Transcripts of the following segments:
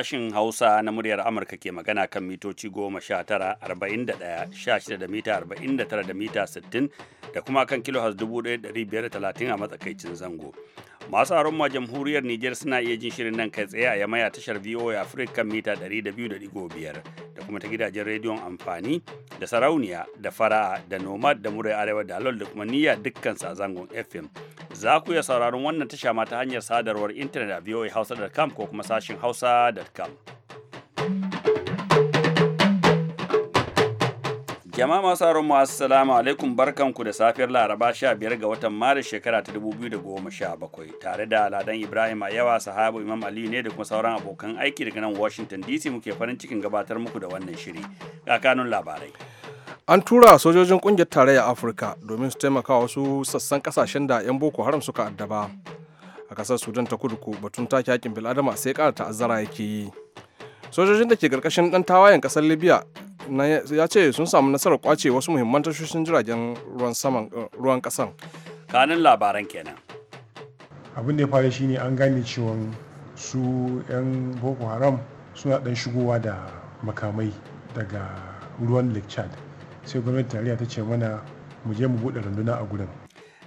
Sashin Hausa na muryar Amurka ke magana kan mitoci goma sha tara arba'in da mita arba'in da mita sittin da kuma kan kilohaz dubu ɗaya a matsakaicin zango. masu aron ma jamhuriyar Nijar suna iya jin shirin nan kai tsaye a yamaya tashar VOA Africa mita 200.5 da kuma ta gidajen rediyon amfani da sarauniya da fara'a da nomad da murai arewa da alol da kuma niyya dukkan a zangon FM. Za ku iya sauraron wannan tasha ma ta hanyar sadarwar intanet a voahausa.com ko kuma sashin hausa.com. yama masu aron mu assalamu alaikum barkanku da safiyar Laraba sha biyar ga watan Maris shekara ta dubu biyu da goma sha bakwai tare da Ladan Ibrahim ayawa yawa sahabu Imam ali ne da kuma sauran abokan aiki daga nan Washington DC muke farin cikin gabatar muku da wannan shiri. Kakanun labarai. An tura sojojin kungiyar tarayya Afirka domin su taimaka wasu sassan kasashen da 'yan Boko Haram suka addaba. A kasar Sudan ta kudu ko batun take hakin bil'adama sai kara ta'azzara yake yi. Sojojin da ke karkashin dan tawayen kasar Libya ya ce sun samu nasarar kwace wasu muhimman tashoshin jiragen ruwan saman eh, ruwan kasan kanin labaran kenan abin da ya faru shine an gane cewa su 'yan boko haram suna dan shigowa da makamai daga ruwan lake chad sai gwamnati tarayya ta ce mana mu je mu buɗe runduna a gurin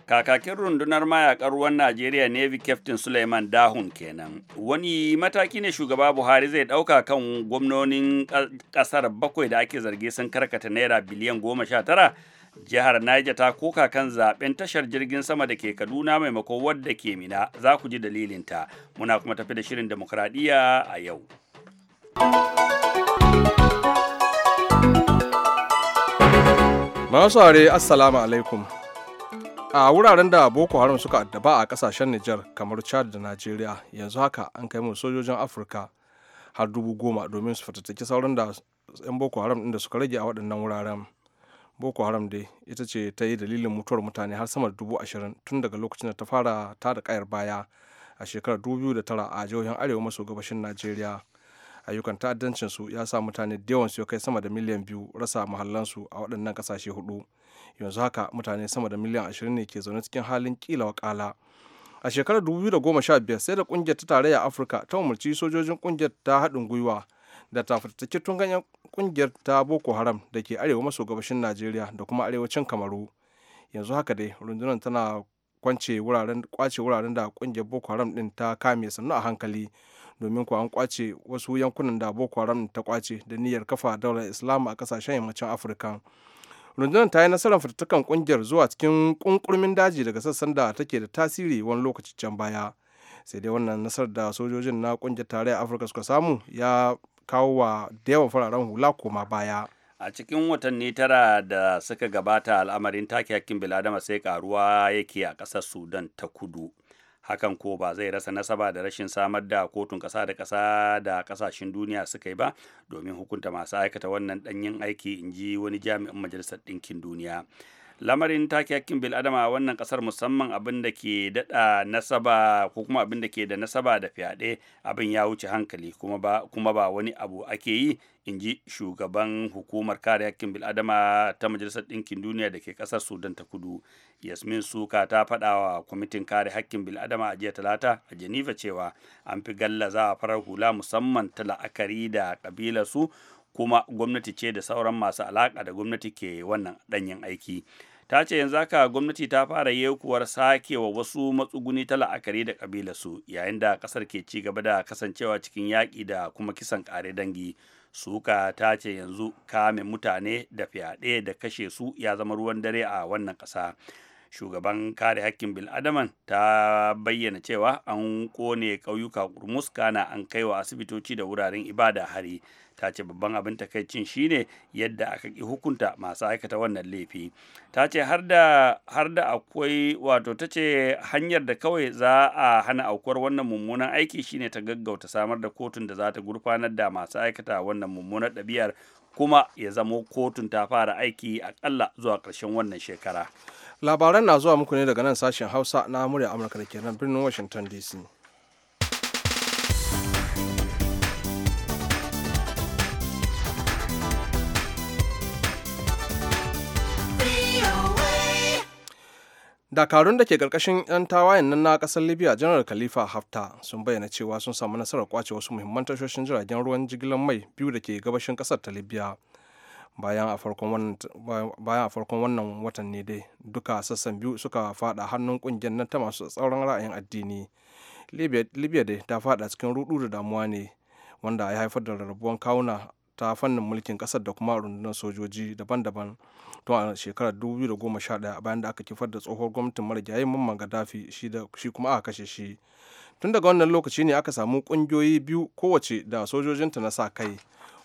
Kakakin rundunar mayakan ruwan Najeriya Navy Captain Suleiman Dahun kenan. Wani mataki ne shugaba Buhari zai ɗauka kan gwamnonin ƙasar bakwai da ake zargi sun karkata naira biliyan goma sha tara. Jihar Niger ta koka kan zaben tashar jirgin sama da ke Kaduna maimakon wadda ke Mina za ku ji dalilinta. Muna kuma tafi da shirin demokradiyya a yau. Masu assalamu alaikum. a wuraren da boko haram suka addaba a kasashen nijar kamar chad da najeriya yanzu haka an kai mun sojojin afirka har dubu goma domin su fatattaki sauran da 'yan boko haram ɗin da suka rage a waɗannan wuraren boko haram dai ita ce ta yi dalilin mutuwar mutane har sama da dubu ashirin tun daga lokacin da ta fara ta da kayar baya a shekarar dubu da tara a jihohin arewa maso gabashin najeriya ayyukan ta'addancin su ya sa mutane da yawan su ya kai sama da miliyan biyu rasa mahallansu a waɗannan ƙasashe hudu yanzu haka mutane sama da miliyan 20 ne ke zaune cikin halin kila wakala a shekarar 2015 sai da kungiyar ta tarayya afirka ta umarci sojojin kungiyar ta haɗin gwiwa da tafatattaki tun ganyen kungiyar ta boko haram da ke arewa maso gabashin najeriya da kuma arewacin kamaru yanzu haka dai rundunar tana kwance wuraren kwace wuraren da kungiyar boko haram din ta kame sannu a hankali domin kuwa kwace wasu yankunan da boko haram ta kwace da niyyar kafa daular islam a kasashen yammacin afirka rundunar ta yi nasarar fitattakan kungiyar zuwa cikin kunkurmin daji daga sassan da take da tasiri wani lokaci can baya sai dai wannan nasarar da sojojin na kungiyar tarayyar afirka suka samu ya kawo wa da yawan fararen hula koma baya a cikin watanni tara da suka gabata al'amarin take hakkin biladama sai karuwa yake a ƙasar sudan ta kudu hakan ko ba zai rasa nasaba da rashin samar da kotun kasa da kasa da kasashen duniya suka yi ba domin hukunta masu aikata wannan ɗanyen aiki in ji wani jami'in majalisar ɗinkin duniya lamarin take hakkin bil'adama a wannan kasar musamman abin da ke daɗa nasaba ko kuma abin da ke da nasaba da fyaɗe abin ya wuce hankali kuma ba wani abu ake yi in ji shugaban hukumar kare hakkin bil'adama ta majalisar ɗinkin duniya da ke ƙasar sudan ta kudu yasmin suka ta faɗa wa kwamitin kare hakkin bil'adama a jiya talata a geneva cewa an fi gallaza farar hula musamman ta la'akari da ƙabilarsu kuma gwamnati ce da sauran masu alaƙa da gwamnati ke wannan ɗanyen aiki ta ce yanzu haka gwamnati ta fara yekuwar sake wa wasu matsuguni ta la'akari da ƙabilarsu yayin da ƙasar ke ci gaba da kasancewa cikin yaƙi da kuma kisan ƙare dangi suka ta ce yanzu kame mutane da fyaɗe da kashe su ya zama ruwan dare a wannan ƙasa shugaban kare hakkin bil'adaman ta bayyana cewa an ƙone ƙauyuka kurmus kana an kaiwa asibitoci da wuraren ibada hari ta ce babban abin takaicin shine yadda aka ki hukunta masu aikata wannan laifi ta ce har da akwai wato ta ce hanyar da kawai za a hana aukuwar wannan mummunan aiki shine ta gaggauta samar da kotun da za ta gurfanar da masu aikata wannan mummunan ɗabi'ar kuma ya zamo kotun ta fara aiki aƙalla zuwa ƙarshen wannan shekara labaran na zuwa muku ne daga nan sashen hausa na murya amurka da ke nan birnin washington dc dakarun da ke karkashin 'yan tawayen nan na kasar libya janar khalifa hafta sun bayyana cewa sun samu nasarar kwace wasu muhimman tashoshin jiragen ruwan jigilar mai biyu da ke gabashin kasar ta libya bayan a farkon wannan watan ne dai duka sassan biyu suka fada hannun kungiyar nan ta masu tsauran ra'ayin addini libya dai ta fada cikin rudu da damuwa ne wanda ya haifar da rarrabuwan kawuna ta fannin mulkin kasar da kuma rundunar sojoji daban-daban tun a shekarar 2011 bayan da aka kifar da tsohuwar gwamnatin marigayi mamman gaddafi shi kuma aka kashe shi tun daga wannan lokaci ne aka samu kungiyoyi biyu kowace da sojojinta na sa kai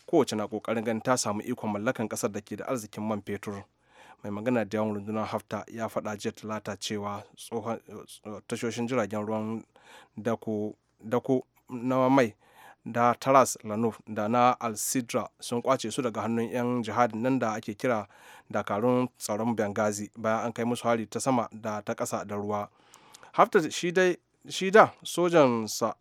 kowace na kokarin ganin ta samu ikon mallakan kasar da ke da arzikin man fetur mai magana da yawan rundunar hafta ya faɗa jiya talata cewa eh, tashoshin jiragen ruwan dako na mai da taras lanuf da na al-sidra sun kwace su daga hannun 'yan jihadin nan da ake kira dakarun tsaron bengazi bayan an kai musu hari ta sama da ta ƙasa da ruwa hafta shi da sojansa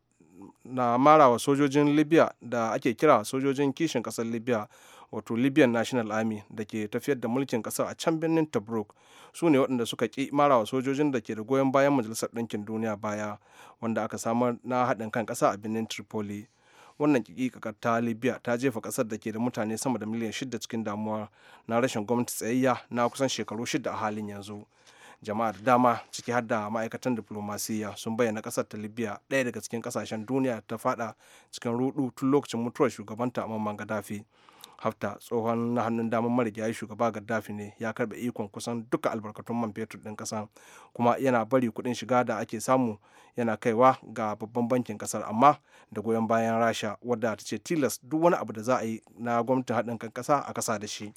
na marawa sojojin libya da ake kira sojojin kishin ƙasar libya wato libyan national army da ke tafiyar da mulkin kasar a can birnin tobruk su ne waɗanda suka ƙi marawa sojojin da ke da goyon bayan majalisar ɗinkin duniya baya wanda aka samar na haɗin kan ƙasa a birnin tripoli wannan kikikakar ta libya ta jefa kasar da ke da mutane sama da miliyan shida cikin damuwa na rashin gwamnati tsayayya na kusan shekaru shida a halin yanzu jama'a da dama ciki har da ma'aikatan diplomasiyya sun bayyana kasar ta libya ɗaya daga cikin ƙasashen duniya ta fada cikin rudu tun lokacin mutuwar shugabanta mamman gaddafi hafta tsohon na hannun damar marigayi shugaba gaddafi ne ya karɓe ikon kusan duka albarkatun man fetur ɗin kasa kuma yana bari kuɗin shiga da ake samu yana kaiwa ga babban bankin kasar amma da goyon bayan rasha wadda ta ce tilas duk wani abu da za a yi na gwamnatin haɗin kan ƙasa a kasa da shi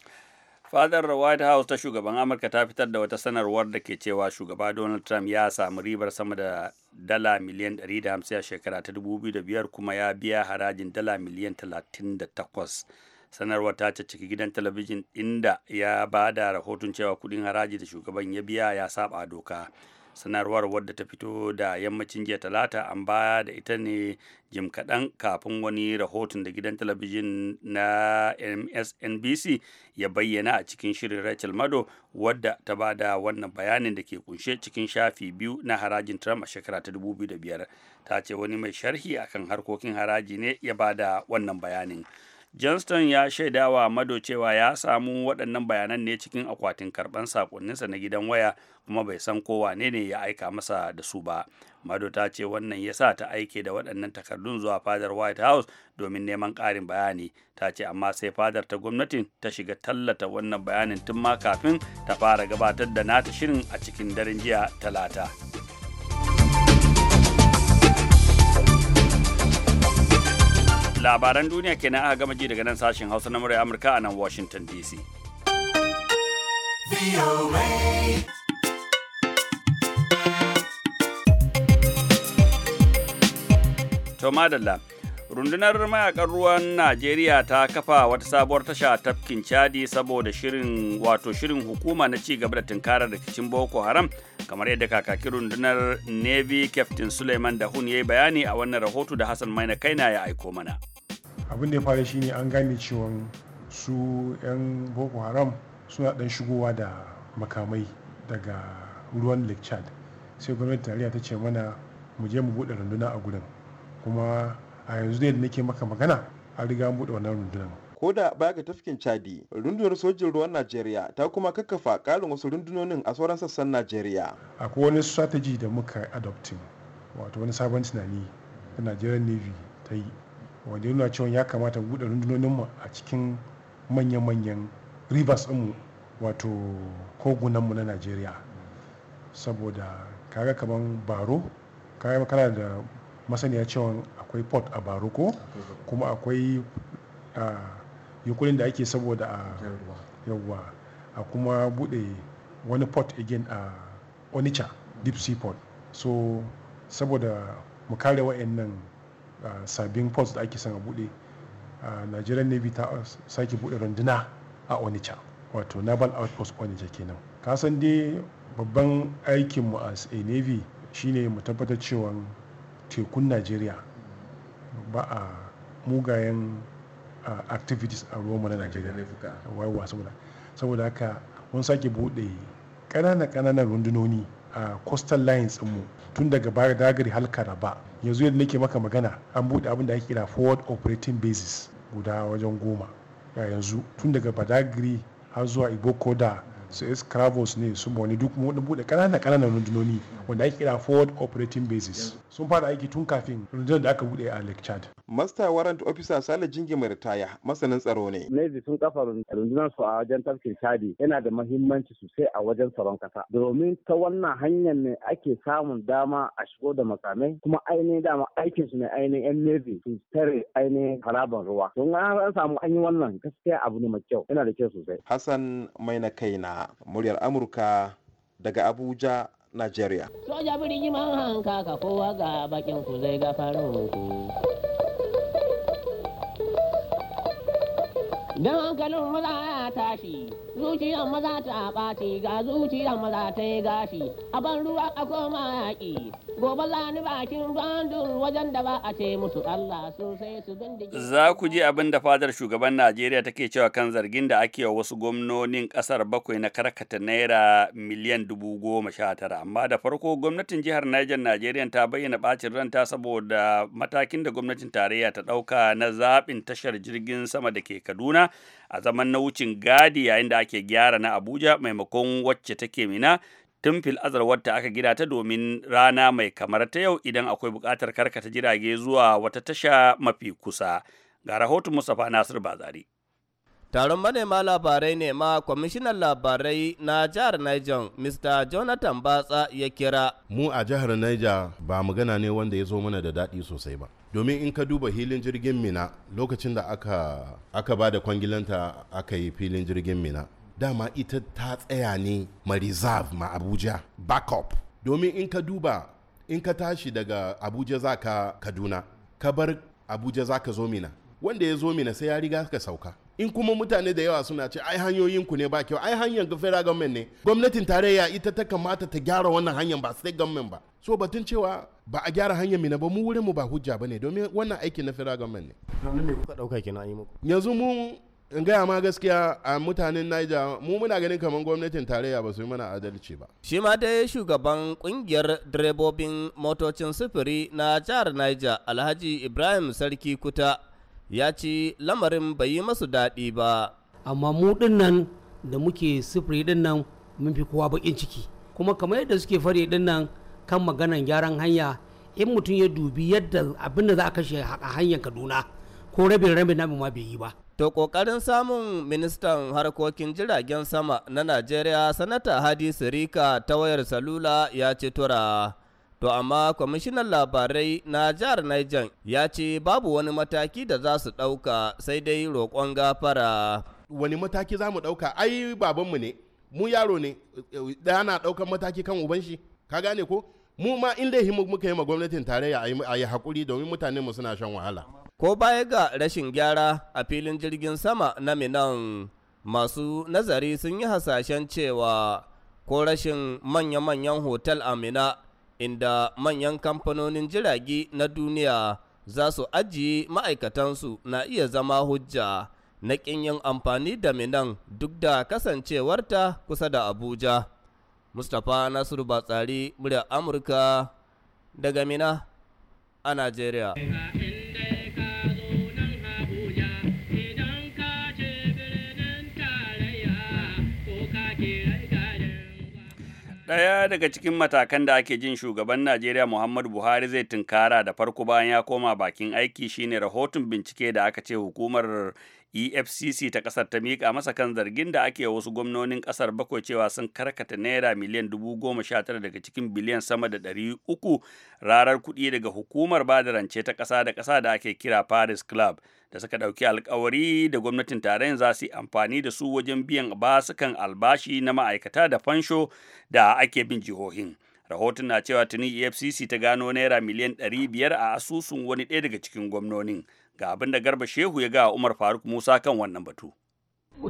fadar white house ta shugaban amurka ta fitar da wata sanarwar da ke cewa shugaba donald trump ya samu ribar sama da dala miliyan 150 a shekara ta 2005 kuma ya biya harajin dala miliyan 38 sanarwar ta cicciki gidan talabijin inda ya ba da rahoton cewa kudin haraji da shugaban ya biya ya saba doka sanarwar wadda ta fito da yammacin jiya talata an baya da ita ne jim kaɗan kafin wani rahoton da gidan talabijin na msnbc ya bayyana a cikin shirin rachel mado wadda ta ba da wannan bayanin da ke kunshe cikin shafi biyu na harajin trump a shekara ta 2005 ta ce wani mai sharhi akan harkokin haraji ne ya ba da wannan bayanin johnston ya shaidawa mado cewa ya samu waɗannan bayanan ne cikin akwatin karɓan sakonninsa na gidan waya kuma bai san kowa ne ne ya aika masa da su ba mado ta ce wannan ya sa ta aike da waɗannan takardun zuwa fadar white house domin neman ƙarin bayani ta ce amma sai fadar ta gwamnatin ta shiga tallata wannan bayanin tun ma kafin ta fara gabatar da nata shirin a cikin daren jiya talata labaran duniya kenan aka gama ji daga nan sashen hausa na murya amurka a nan washington dc to madalla rundunar mayakan ruwan najeriya ta kafa wata sabuwar tasha tafkin chadi saboda shirin wato shirin hukuma na ci gaba da tunkarar rikicin boko haram kamar yadda kakakin rundunar navy captain suleiman dahun ya yi bayani a wannan rahoto da hassan maina kaina ya aiko mana abin da ya faru ne an gane cewa su 'yan boko haram suna dan shigowa da makamai daga ruwan lake chad sai gwamnati tarayya ta ce mana mu je mu bude runduna a gurin kuma a yanzu dai da nake maka magana an riga an bude wannan rundunar ko da baya ga tafkin chadi rundunar sojin ruwan najeriya ta kuma kakkafa karin wasu rundunonin a sauran sassan najeriya akwai wani strategy da muka adopting wato wani sabon tunani da najeriya navy ta yi wanda yana cewa ya kamata buɗe mu a cikin manya-manyan rivers ɗinmu wato kogunanmu na Nigeria saboda kaga kamar baro kaga kana da masaniya cewa akwai port a baro ko kuma akwai yukurin da ake saboda a yawwa a kuma buɗe wani port again a onitsha deep sea port so saboda mu kare wa'annan Uh, sabbin post da ake son a bude uh, nigerian navy ta uh, sake bude runduna a onitsha wato naval outpost onitsha kenan kasan dai babban aikinmu as a navy shine mu tabbatar cewa tekun nigeria ba a mugayen activities a roma na najeriya waiwa saboda saboda haka mun sake bude kanana ƙananan rundunoni a coastal lines mu tun daga baya dagari halka ba yanzu yadda nake maka magana an buɗe abin da ake kira forward operating basis guda wajen goma ya yanzu tun daga badagiri har zuwa iboko da su escravos ne su boni duk wani bude kanana kananan rundunoni wanda ake kira forward operating basis sun fara aiki tun kafin rundunar da aka buɗe a lake chad Masta Warrant Officer Sale Jingi mai ritaya masanin tsaro ne. Navy sun kafa rundunar su a wajen tafkin Chadi yana da mahimmanci sosai a wajen tsaron kasa. Domin ta wannan hanyar ne ake samun dama a shigo da makamai kuma ainihin dama aikin su ne ainihin yan Navy su tare ainihin harabar ruwa. Don an samu an yi wannan gaskiya abu ne mai kyau yana da kyau sosai. Hassan mai na kaina muryar Amurka daga Abuja Nigeria. Soja birni man hanka ka kowa ga bakin ku zai gafarin ku. don hankalin za a tashi zuciyar maza ta ɓaci ga zuciyar maza ta yi gashi a ban ruwa a koma yaƙi gobe lani bakin bandun wajen da ba a ce musu Allah sosai su bindige. Za ku ji abin da fadar shugaban Najeriya take cewa kan zargin da ake wa wasu gwamnonin ƙasar bakwai na karkata naira miliyan dubu goma sha tara amma da farko gwamnatin jihar Niger Najeriya ta bayyana ɓacin ranta saboda matakin da gwamnatin tarayya ta ɗauka na zaɓin tashar jirgin sama da ke Kaduna a zaman na wucin gadi yayin da ake gyara na abuja maimakon wacce take mina tun fil azar wata aka gida ta domin rana mai kamar ta yau idan akwai bukatar karkata jirage zuwa wata tasha mafi kusa ga rahoton mustapha nasir bazari taron manema labarai ne ma kwamishinan labarai na jihar Niger Mr. Jonathan Batsa ya kira. Mu a jihar Niger ba magana ne wanda ya zo mana da daɗi sosai ba. domin in ka duba hilin jirgin mina lokacin da aka, aka ba da kwangilanta aka yi filin jirgin mina dama ita ta tsaya ne ma reserve ma abuja backup domin in ka duba in ka tashi daga abuja za ka kaduna ka bar abuja za ka zo mina wanda ya zo mina sai ya riga ka sauka in kuma mutane da yawa suna ce ai hanyoyin ku ne ba kyau ai hanyar ga federal government ne gwamnatin tarayya ita ta kamata ta gyara wannan hanyar ba state government ba so batun cewa ba a gyara hanyar mina ba mu wurin mu ba hujja bane domin wannan aiki na federal government ne dauka yi muku yanzu mu in gaya ma gaskiya a mutanen Niger mu muna ganin kamar gwamnatin tarayya ba su yi mana adalci ba. Shi ma dai shugaban kungiyar direbobin motocin sufuri na jihar Niger Alhaji Ibrahim Sarki Kuta ya ci lamarin bai yi masu daɗi ba amma mu nan da muke sufuri dinnan mun fi kowa bakin ciki kuma kamar yadda suke fare dinnan kan maganan gyaran hanya in mutum ya dubi yadda abin da za a kashe a hanyar kaduna ko rabin rabin namu ma bai yi ba To kokarin samun ministan harkokin jiragen sama na Najeriya sanata Hadi Sirika ta wayar salula ya ce tura. To amma kwamishinan labarai na jihar Niger ya ce babu wani mataki da za su ɗauka sai dai roƙon gafara. Wani mataki za mu ɗauka ai babanmu ne, mu yaro ne, da na ɗaukan mataki kan uban shi, ka gane ko? Mu ma in dai muka yi ma gwamnatin tarayya a yi haƙuri domin mutane mu suna shan wahala. Ko baya ga rashin gyara a filin jirgin sama na Minan, masu nazari sun yi hasashen cewa ko rashin manya-manyan hotel a Mina inda manyan kamfanonin jirage na duniya za su ajiye ma'aikatansu na iya zama hujja na ƙin yin amfani da minan duk da kasancewarta kusa da abuja mustapha nasiru batsari murya amurka daga mina a najeriya Ɗaya daga cikin matakan da ake jin shugaban Najeriya Muhammadu Buhari zai tunkara da farko bayan ya koma bakin aiki shine rahoton bincike da aka ce hukumar efcc ta kasar ta miƙa masa kan zargin da ake wasu gwamnonin kasar bakwai cewa sun karkata naira miliyan dubu goma sha tara daga cikin biliyan sama da ɗari uku rarar kuɗi daga hukumar bada rance ta ƙasa da ƙasa da ake kira paris club da suka ɗauki alkawari da gwamnatin tarayyar za su yi amfani da su wajen biyan basukan albashi na ma'aikata da fansho da ake bin jihohin. rahoton na cewa tuni efcc ta gano naira miliyan ɗari biyar a asusun wani ɗaya daga cikin gwamnonin ga abin da garba shehu ya ga umar faruk musa kan wannan batu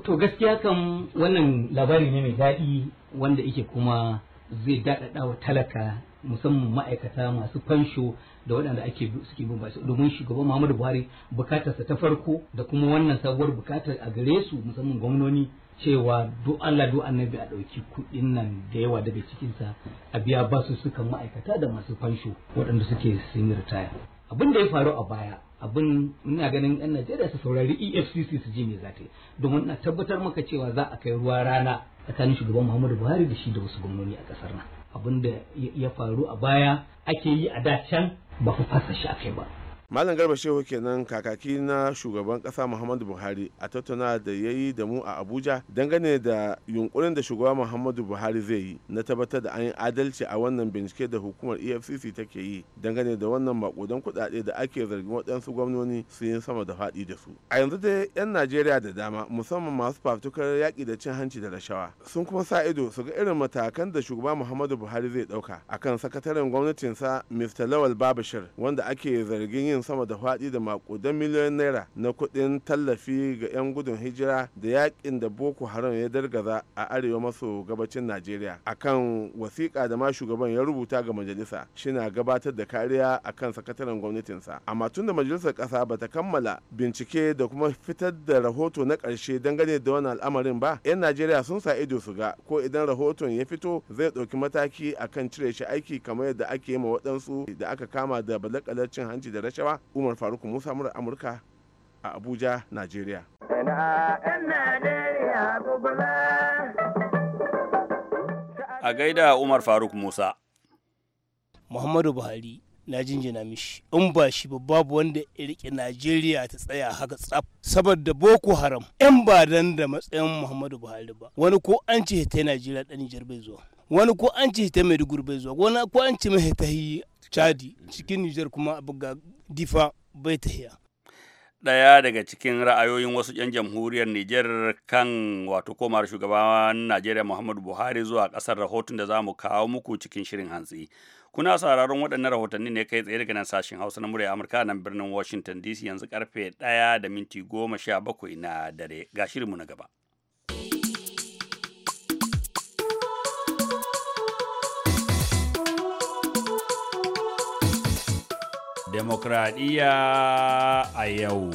to gaskiya kan wannan labari ne mai daɗi wanda yake kuma zai daɗaɗa wa talaka musamman ma'aikata masu fansho da waɗanda ake suke bin basu domin shugaban Muhammadu Buhari bukatarsa ta farko da kuma wannan sabuwar bukatar a gare su musamman gwamnoni cewa do Allah do annabi a ɗauki kuɗin nan da yawa daga cikinsa a biya basu sukan ma'aikata da masu fansho waɗanda suke sun yi ritaya. abin da ya faru a baya abin ina ganin yan Najeriya su saurari EFCC su ji me za ta yi domin na tabbatar maka cewa za a kai ruwa rana tsakanin shugaban Muhammadu Buhari da shi da wasu gwamnoni a kasar nan abin da ya faru a baya ake yi a da can ba fa fasa shi a kai ba malam garba shehu kenan kakaki na shugaban kasa muhammadu buhari a tattauna da ya yi da mu a abuja dangane da yunkurin da shugaban muhammadu buhari zai yi na tabbatar da an yi adalci a wannan bincike da hukumar efcc take yi dangane da wannan makudan kudade da ake zargin waɗansu gwamnoni su yi sama da faɗi da su a yanzu dai yan najeriya da dama musamman masu fafutukar yaƙi da cin hanci da rashawa sun kuma sa ido su ga irin matakan da shugaban muhammadu buhari zai ɗauka akan sakataren gwamnatinsa mr lawal babashir wanda ake zargin yin jirgin sama da faɗi da makudan miliyoyin naira na kuɗin tallafi ga 'yan gudun hijira da yakin da boko haram ya dargaza a arewa maso gabacin najeriya akan wasiƙa da ma shugaban ya rubuta ga majalisa shina gabatar da kariya a kan sakataren gwamnatinsa amma tun da majalisar ƙasa ba ta kammala bincike da kuma fitar da rahoto na ƙarshe dangane da wani al'amarin ba 'yan najeriya sun sa ido su ga ko idan rahoton ya fito zai ɗauki mataki akan cire shi aiki kamar yadda ake yi ma waɗansu da aka kama da balakalar cin hanci da rashawa Hausawa umar faruk musa mura amurka a abuja Najeriya. a gaida umar faruk musa muhammadu buhari na jinjina mishi in ba shi ba babu wanda ya rike najeriya ta tsaya haka tsaf saboda boko haram yan ba dan da matsayin muhammadu buhari ba wani ko an ce ta najeriya ɗan nijar bai zuwa wani ko an ce ta maiduguri bai zuwa wani ko an ce mai ta yi chadi cikin nijar kuma abu ga difa bai tahiya ɗaya daga cikin ra'ayoyin wasu 'yan jamhuriyar Nijar kan wato komar shugaban Najeriya Muhammadu Buhari zuwa kasar rahoton da za mu kawo muku cikin shirin hantsi. Kuna sauraron waɗannan rahotanni ne kai tsaye daga nan sashen Hausa na murya Amurka nan birnin Washington DC yanzu karfe ɗaya da minti goma sha bakwai na dare ga shirinmu na gaba. demokradiyya a yau.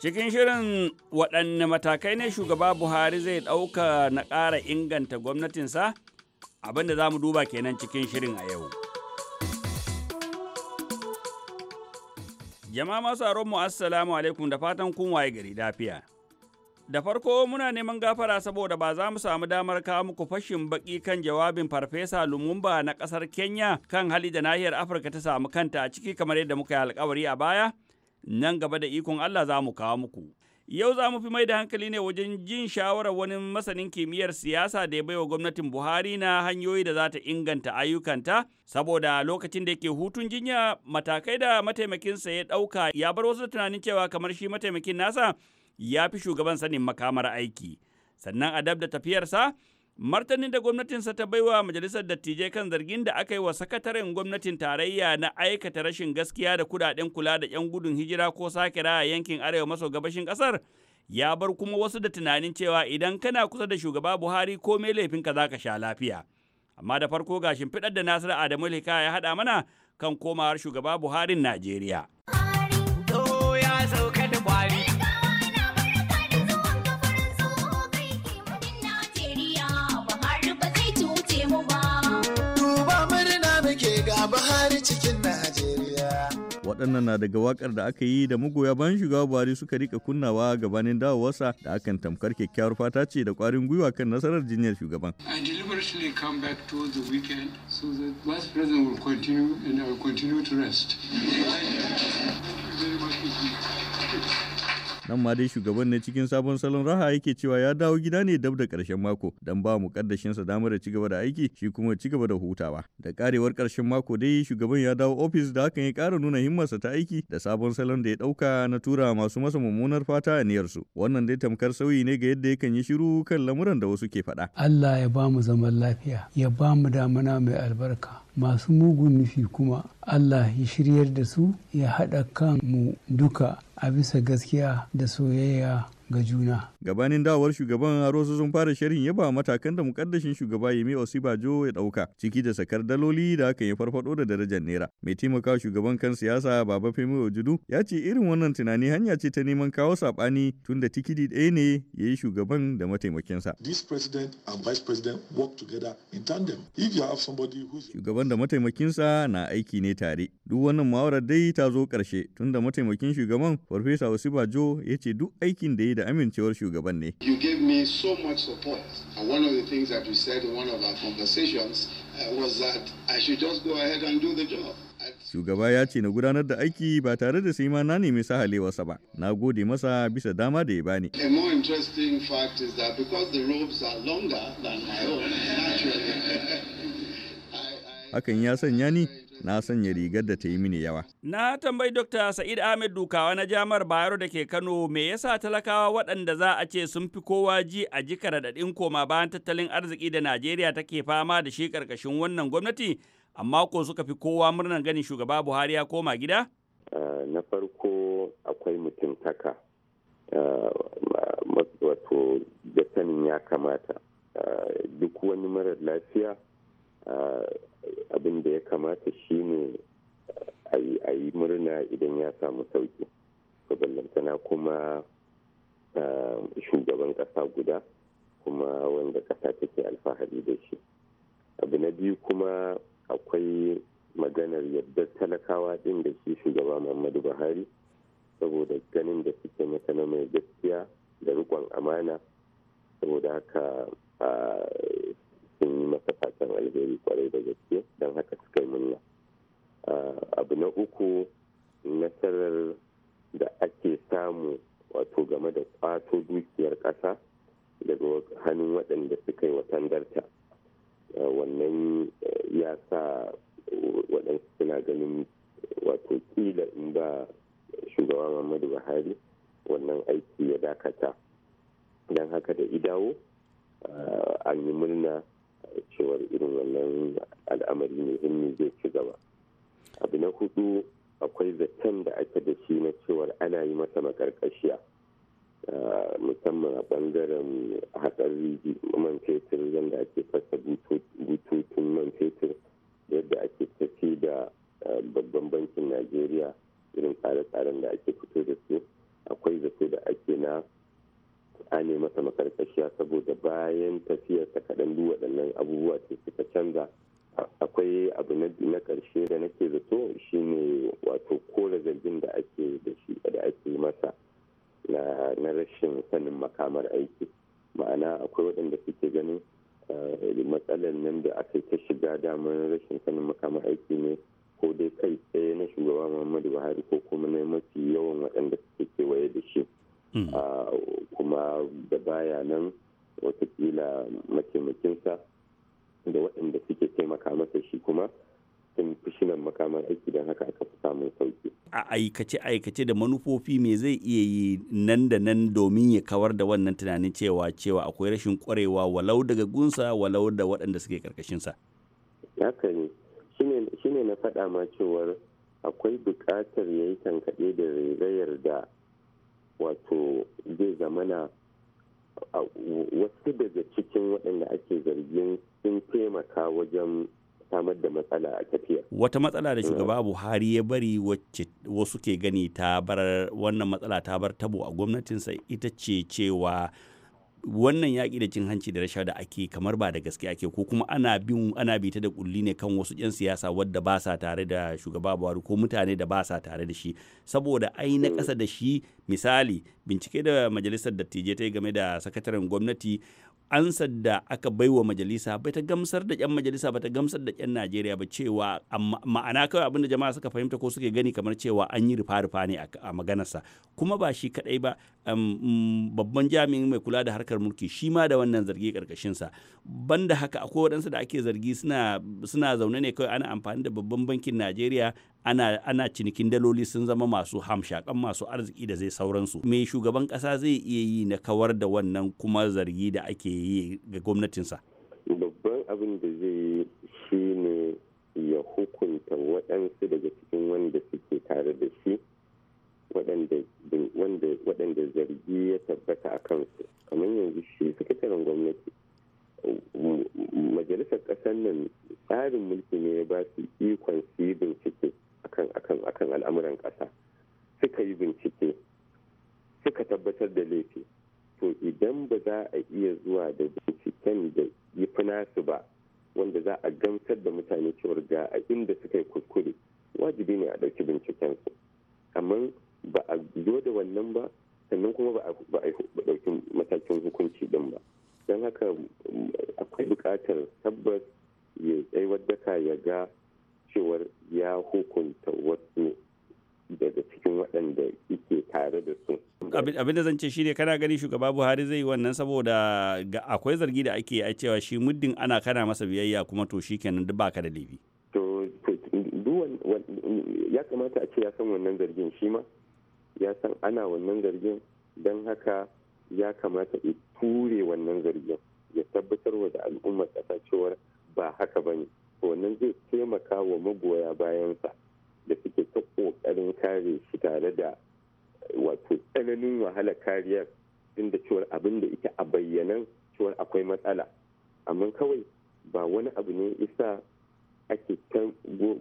Cikin shirin waɗanne matakai ne shugaba Buhari zai ɗauka na ƙara inganta gwamnatinsa? Abinda za mu duba kenan cikin shirin a yau. Jama'a masu mu assalamu alaikum da fatan kun waye gari lafiya. Da farko muna neman gafara saboda ba za mu samu damar kawo muku fashin baki kan jawabin Farfesa Lumumba na kasar Kenya kan hali da nahiyar Afirka ta samu kanta a ciki kamar yadda muka yi alkawari a baya. Nan gaba da ikon Allah za mu kawo muku. Yau za mu fi mai da hankali ne wajen jin shawarar wani masanin kimiyyar siyasa da ya baiwa gwamnatin Buhari na hanyoyi da za ta inganta ayyukanta, saboda lokacin da yake hutun jinya matakai da mataimakinsa ya ɗauka ya bar wasu tunanin cewa kamar shi mataimakin nasa ya fi shugaban sanin makamar aiki. Sannan a dab da tafiyarsa, martanin da gwamnatinsa ta baiwa majalisar dattijai kan zargin da aka yi wa sakataren gwamnatin tarayya na aikata rashin gaskiya da kudaden kula da 'yan gudun hijira ko sake raya yankin arewa maso gabashin kasar ya bar kuma wasu da tunanin cewa idan kana kusa da shugaba buhari ko mai laifinka za ka sha lafiya amma da farko ga shimfiɗar da nasiru adamu lika ya haɗa mana kan komawar shugaba buharin najeriya. Oh, sauka Buhari cikin Najeriya. Waɗannan na daga waƙar da aka yi da magoya bayan shugaba Buhari suka rika kunnawa gabanin dawowarsa da akan tamkar kyakkyawar fata ce da ƙwarin gwiwa kan nasarar jinyar shugaban. Nan ma dai shugaban ne cikin sabon salon raha yake cewa ya dawo gida ne dab da karshen mako don ba mu kaddashinsa damar da ci gaba da aiki shi kuma ci gaba da hutawa. Da karewar ƙarshen mako dai shugaban ya dawo ofis da hakan ya ƙara nuna himmarsa ta aiki da sabon salon da ya ɗauka na tura masu masa mummunar fata a niyyarsu. Wannan dai tamkar sauyi ne ga yadda yakan yi shiru kan lamuran da wasu ke faɗa. Allah ya ba mu zaman lafiya, ya ba mu damana mai albarka. masu mugun nufi kuma Allah ya shiryar da su ya haɗa kan mu duka a bisa gaskiya da soyayya ga juna. Gabanin dawowar shugaban Harosu sun fara sharhin yaba matakan da mukaddashin shugaba Yemi Osibajo ya dauka ciki da sakar daloli da hakan ya farfado da darajar nera Mai taimakawa shugaban kan siyasa Baba Femi Ojudu ya ce irin wannan tunani hanya ce ta neman kawo sabani tunda tikiti ɗaya ne ya yi shugaban da mataimakinsa. This president and vice president work together in tandem. If you have somebody who's... Shugaban da mataimakinsa na aiki ne tare. Duk wannan muhawarar dai ta zo karshe tunda mataimakin shugaban Farfesa Osibajo ya ce duk aikin da ya da amincewar shugaban ne. You gave me so much support. And one of the things that we said in one of our conversations uh, was that I should just go ahead and do the job. Shugaba ya ce na gudanar da aiki ba tare da sai ma na nemi sahalewarsa ba. Na gode masa bisa dama da ya bani. A more interesting fact is that because the robes are longer than my own, naturally, hakan ya sanya ni na sanya rigar da ta yi mini yawa. Na tambayi dokta Sa'id Ahmed Dukawa na jamar Bayero da ke Kano me yasa talakawa waɗanda za a ce sun fi kowa ji a jika raɗaɗin koma bayan tattalin arziki da Najeriya take fama da shi ƙarƙashin wannan gwamnati amma ko suka fi kowa murnar ganin shugaba Buhari ya koma gida? Ah, na farko akwai taka ah, wato da sanin ya kamata ah, duk wani marar lafiya abin da ya kamata shine a yi murna idan ya samu sauki ballantana kuma shugaban ƙasa guda kuma wanda kasa take alfahari da shi abu na biyu kuma akwai maganar yadda talakawa ɗin da shi shugaba muhammadu buhari saboda ganin da suke masa na mai gaskiya da riƙon amana saboda haka sun yi masa yi kwarai da gaske don haka suka yi murna abu na uku nasarar da ake samu wato game da kwato dukiyar ƙasa daga hannun waɗanda suka yi watandarta wannan eh, ya sa waɗansu suna ganin wato kila in ba shugaba muhammadu buhari wannan aiki ya dakata don haka da idawo eh, an yi murna cewar irin wannan al'amari muhimmi zai ci gaba abu na hudu akwai zaton da ake da shi na cewar ana yi masa makarkashiya ah, musamman a bangaren hatsar man fetur yadda ake fasa bututun man fetur yadda ake tafi da ah, babban bankin najeriya irin tsare-tsaren da ake fito da su akwai zato da ake na a ne masa makarkashiya saboda bayan tafiyar ta kaɗan duk waɗannan abubuwa ce suka canza akwai abu na ƙarshe da nake zato shine wato kore zargin da ake da shi da ake masa na rashin sanin makamar aiki ma'ana akwai waɗanda suke ganin eh, matsalar nan da aka ta shiga damar rashin sanin makamar aiki ne ko dai kai tsaye na shugaba muhammadu buhari ko kuma na mafi yawan waɗanda suke kewaye da shi Mm. Ah, kuma da baya nan watakila mataimakinsa da waɗanda suke taimaka masa shi kuma sun fi shinan makaman aiki don haka aka fi samun sauki. A aikace-aikace da manufofi me zai iya yi nan da nan domin ya kawar da wannan tunanin cewa cewa akwai rashin kwarewa walau daga gunsa walau da waɗanda suke karkashinsa. Haka ne, shi ne na faɗa ma cewar akwai bukatar ya yi tankaɗe da rairayar da wato zai zamana wasu daga cikin waɗanda ake zargin sun taimaka wajen samar da matsala a tafiya. Wata matsala da mm. shugaba Buhari ya bari wacce wasu ke gani ta bar wannan matsala ta bar tabo a gwamnatinsa ita ce cewa wannan yaƙi da cin hanci da rashawa da ake kamar ba da gaske ake ko kuma ana bin ana bita da kulli ne kan wasu 'yan siyasa wadda ba sa tare da shugaba Buhari ko mutane da ba sa tare da shi saboda ai na ƙasa da shi misali bincike da majalisar dattijai ta yi game da sakataren gwamnati ansar da aka baiwa majalisa bai ta gamsar da 'yan majalisa ba ta gamsar da 'yan najeriya ba cewa ma'ana kawai abinda jama'a suka fahimta ko suke gani kamar cewa an yi rufa-rufa ne a maganarsa kuma ba shi kadai ba babban jami'in mai kula da harkar mulki shi ma da wannan zargi karkashinsa banda haka akwai waɗansu da ake zargi suna zaune ne kawai ana amfani da babban bankin najeriya ana, ana cinikin daloli sun zama masu hamshakan masu arziki da zai sauransu me shugaban kasa zai iya yi na kawar da wannan kuma zargi da ake yi ga gwamnatinsa babban abin da zai yi shi ne ya hukunta waɗansu daga cikin wanda suke tare da shi waɗanda zargi ya tabbata a kansu kamar yanzu shi sakataren gwamnati majalisar ƙasar nan tsarin mulki ne ya ba su ikon su yi bincike akan al'amuran ƙasa suka yi bincike suka tabbatar da laifi to idan ba za a iya zuwa da binciken da yi fina nasu ba wanda za a gamsar da mutane cewar ga a inda suka yi kuskure wajibi ne a ɗauki binciken su amma ba a zo da wannan ba sannan kuma ba a ɗauki matakin hukunci din ba don haka mm, akwai buƙatar tabbas ya tsaiwar daka ya ga cewar ya hukunta wasu daga cikin waɗanda ike tare da su. Abin da zan ce shine kana gani shugaba Buhari zai yi wannan saboda akwai zargi da ake yi cewa shi muddin ana kana masa biyayya kuma to shi kenan duk baka da laifi. To ya kamata a ce ya san wannan zargin shi ma ya san ana wannan zargin don haka ya kamata ya ture wannan zargin ya tabbatar wa da al'ummar ƙasa cewar ba haka ba ne wannan zai taimaka wa magoya bayansa da suke ta kokarin kare shi tare da wato tsananin wahala kariyar inda cewar abin da ita a bayyanan cewar akwai matsala amma kawai ba wani abu ne isa ake ta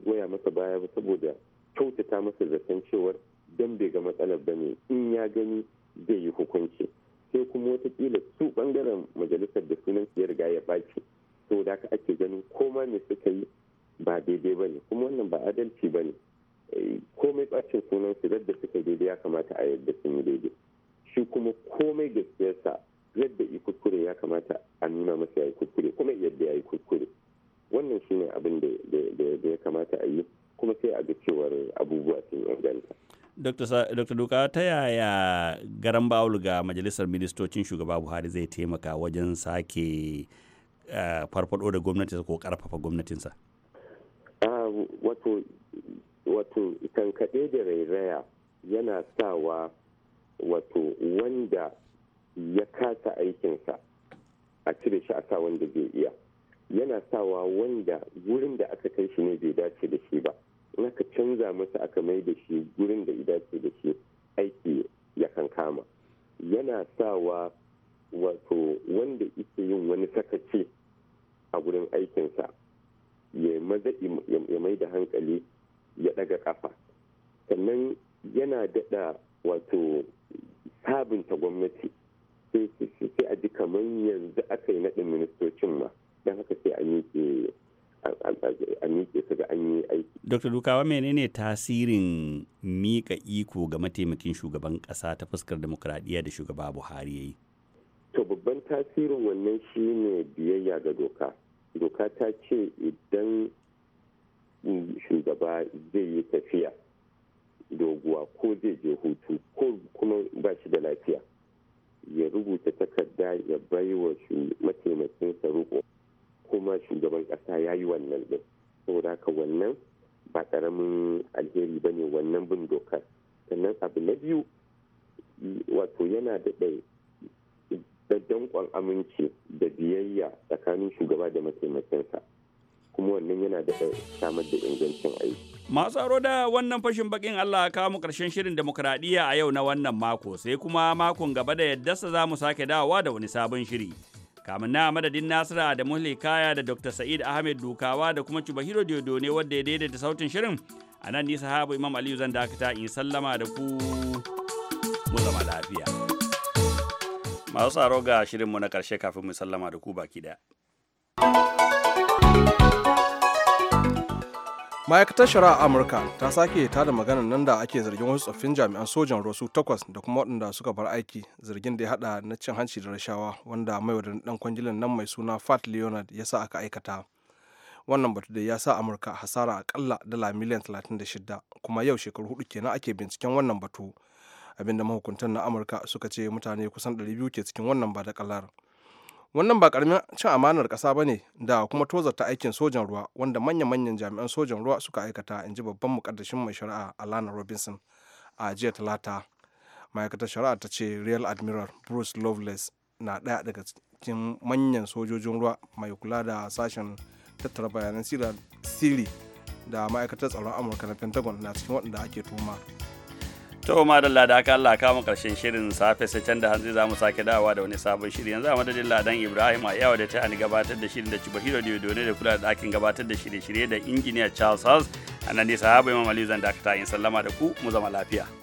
goya masa baya ba saboda kyautata masa zaton cewar don bai ga matsalar ba ne in ya gani zai yi hukunci sai kuma watakila su bangaren majalisar da sunan ya riga ya ɓaci saboda haka ake ganin ba ne suka yi ba daidai ba ne kuma wannan ba adalci ba ne eh, komai bacin sunan su da suka daidai ya kamata a yadda sun yi daidai shi kuma komai gaskiyarsa yadda yi kuskure ya kamata a nuna masa ya yi kuskure kuma yadda ya yi kuskure wannan ne abin da ya kamata a yi kuma sai a ga cewar abubuwa sun inganta. Dr. Duka ta yaya garan bawul ga majalisar ministocin shugaba Buhari zai taimaka wajen sake Eh, farfado da gwamnatinsa ko karfafa gwamnatinsa ah, wato wato tankaɗe da rairaya yana sawa wato wanda ya kasa aikinsa a cire shi a sa wanda bai iya yana sawa wanda gurin da aka kai shi ne bai dace da shi ba in aka canza masa aka mai da shi gurin da ya dace da shi aiki ya kan kama yana sawa wato wanda ita yin wani sakaci a gurin aikinsa ya maza ya mai da hankali ya daga kafa sannan yana daɗa wato sabunta gwamnati sai a ji kamar yanzu aka yi naɗin ministocin ma don haka sai a miƙe a miƙe su da an yi aiki. Dr. Dukawa menene tasirin miƙa iko ga mataimakin shugaban ƙasa ta fuskar demokradiyya da shugaba Buhari ya yi? tasirin wannan shi ne biyayya ga doka doka ta ce idan shugaba zai yi tafiya doguwa ko zai je hutu ko kuma ba shi da lafiya ya rubuta takarda ya bai wa mataimakin roƙo kuma shugaban ƙasa ya yi wannan din saboda haka wannan ba ƙaramin alheri ba ne wannan bin dokar sannan abu na biyu wato yana da ɗaya. da kwan aminci da biyayya tsakanin shugaba da mataimakinsa kuma wannan yana da samar da ingancin aiki. Masu aro da wannan fashin bakin Allah ka mu karshen shirin demokradiyya a yau na wannan mako sai kuma makon gaba da yaddarsa za mu sake dawowa da wani sabon shiri. kamun na madadin Nasira da Muhli Kaya da Dr. Sa'id Ahmed Dukawa da kuma Cibahiro Diodo ne wadda ya daidaita sautin shirin. A nan ni habu Imam Aliyu zan dakata in sallama da ku mu zama lafiya. masu tsaro ga shirinmu na ƙarshe kafin mu sallama da ku baki ɗaya. ma'aikatar shari'a amurka ta sake ta da maganar nan da ake zargin wasu tsoffin jami'an sojan rosu takwas da kuma waɗanda suka bar aiki zargin da ya haɗa na cin hanci da rashawa wanda mai ɗan kwangilan nan mai suna fat leonard ya sa aka aikata wannan batu da ya sa amurka hasara aƙalla dala miliyan 36 kuma yau shekaru hudu kenan ake binciken wannan batu abinda mahukuntan na amurka suka ce mutane kusan 200 ke cikin wannan ba da kallar wannan ba karamin cin amanar kasa ba ne da kuma tozarta aikin sojan ruwa wanda manya-manyan jami'an sojan ruwa suka aikata in ji babban mukaddashin mai shari'a alana robinson a jiya talata ma'aikatar shari'a ta ce real admiral bruce loveless na daya daga cikin manyan sojojin ruwa mai kula da sashen tattara bayanan siri da ma'aikatar tsaron amurka na pentagon na cikin waɗanda ake tuma. to ma da aka Allah kama karshen shirin safe sai can da hanzu za mu sake dawowa da wani sabon shiri yanzu a madadin ladan Ibrahim a yawa da ta ani gabatar da shirin da Cibahiro Diodone da kula da ɗakin gabatar da shirye-shirye da injiniya Charles House a nan ne sahaba Imam Ali zan dakata in sallama da ku mu zama lafiya